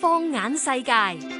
放眼世界。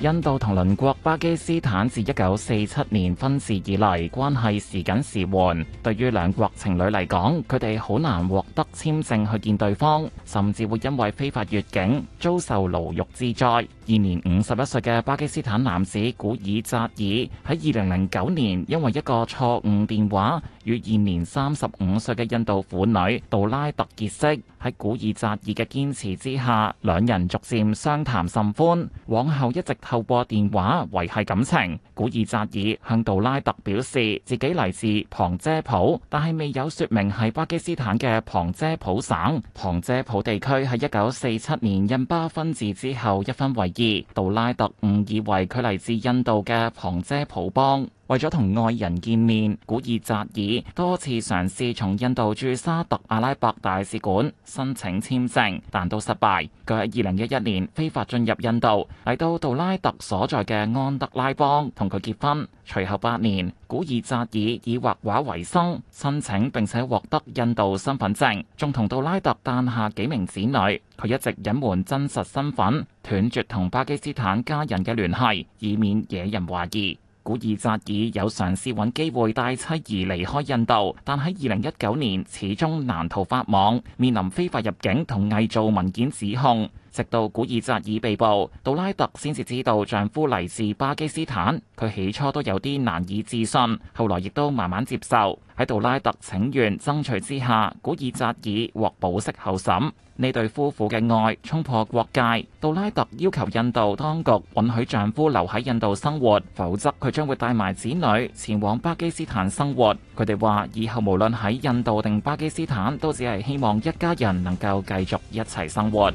印度同鄰國巴基斯坦自一九四七年分治以嚟，關係時緊時緩。對於兩國情侶嚟講，佢哋好難獲得簽證去見對方，甚至會因為非法越境遭受牢獄之災。現年五十一歲嘅巴基斯坦男子古爾扎爾喺二零零九年因為一個錯誤電話，與現年三十五歲嘅印度婦女杜拉特結識。喺古爾扎爾嘅堅持之下，兩人逐漸相談甚歡，往後一直透過電話維繫感情，古爾扎爾向杜拉特表示自己嚟自旁遮普，但係未有說明係巴基斯坦嘅旁遮普省。旁遮普地區喺一九四七年印巴分治之後一分為二，杜拉特誤以為佢嚟自印度嘅旁遮普邦。為咗同愛人見面，古爾扎爾多次嘗試從印度駐沙特阿拉伯大使館申請簽證，但都失敗。佢喺二零一一年非法進入印度，嚟到杜拉特所在嘅安德拉邦同佢結婚。隨後八年，古爾扎爾以畫畫為生，申請並且獲得印度身份證，仲同杜拉特誕下幾名子女。佢一直隱瞞真實身份，斷絕同巴基斯坦家人嘅聯繫，以免惹人懷疑。古爾扎爾有嘗試揾機會帶妻兒離開印度，但喺二零一九年始終難逃法網，面臨非法入境同偽造文件指控。直到古爾扎爾被捕，杜拉特先至知道丈夫嚟自巴基斯坦。佢起初都有啲難以置信，後來亦都慢慢接受。喺杜拉特請願爭取之下，古爾扎爾獲保釋候審。呢對夫婦嘅愛衝破國界，杜拉特要求印度當局允許丈夫留喺印度生活，否則佢將會帶埋子女前往巴基斯坦生活。佢哋話以後無論喺印度定巴基斯坦，都只係希望一家人能夠繼續一齊生活。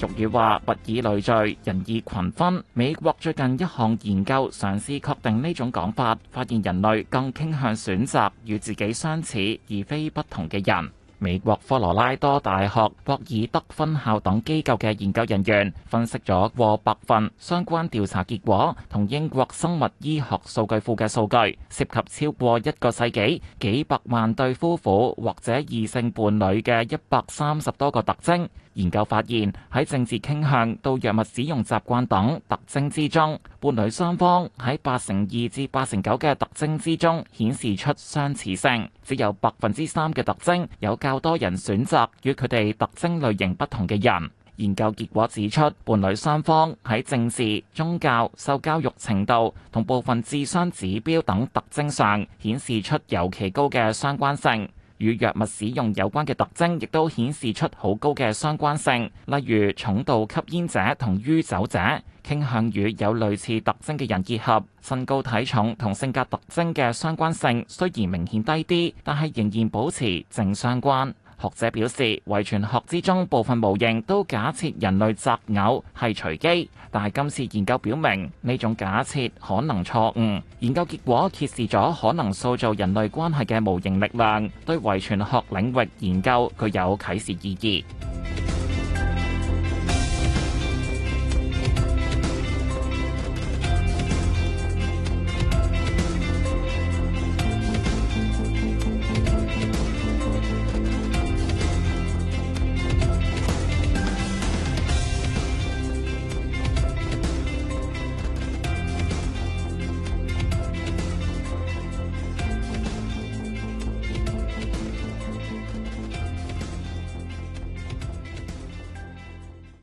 俗語話物以類聚，人以群分。美國最近一項研究嘗試確定呢種講法，發現人類更傾向選擇與自己相似而非不同嘅人。美國科羅拉多大學博爾德分校等機構嘅研究人員分析咗過百份相關調查結果，同英國生物醫學數據庫嘅數據，涉及超過一個世紀幾百萬對夫婦或者異性伴侶嘅一百三十多個特徵。研究發現喺政治傾向到藥物使用習慣等特徵之中，伴侶雙方喺八成二至八成九嘅特徵之中顯示出相似性，只有百分之三嘅特徵有較多人選擇與佢哋特徵類型不同嘅人。研究結果指出，伴侶雙方喺政治、宗教、受教育程度同部分智商指標等特徵上顯示出尤其高嘅相關性。與藥物使用有關嘅特徵，亦都顯示出好高嘅相關性，例如重度吸煙者同酗酒者傾向與有類似特徵嘅人結合。身高體重同性格特徵嘅相關性雖然明顯低啲，但係仍然保持正相關。學者表示，遺傳學之中部分模型都假設人類擇偶係隨機，但係今次研究表明呢種假設可能錯誤。研究結果揭示咗可能塑造人類關係嘅模型力量，對遺傳學領域研究具有啟示意義。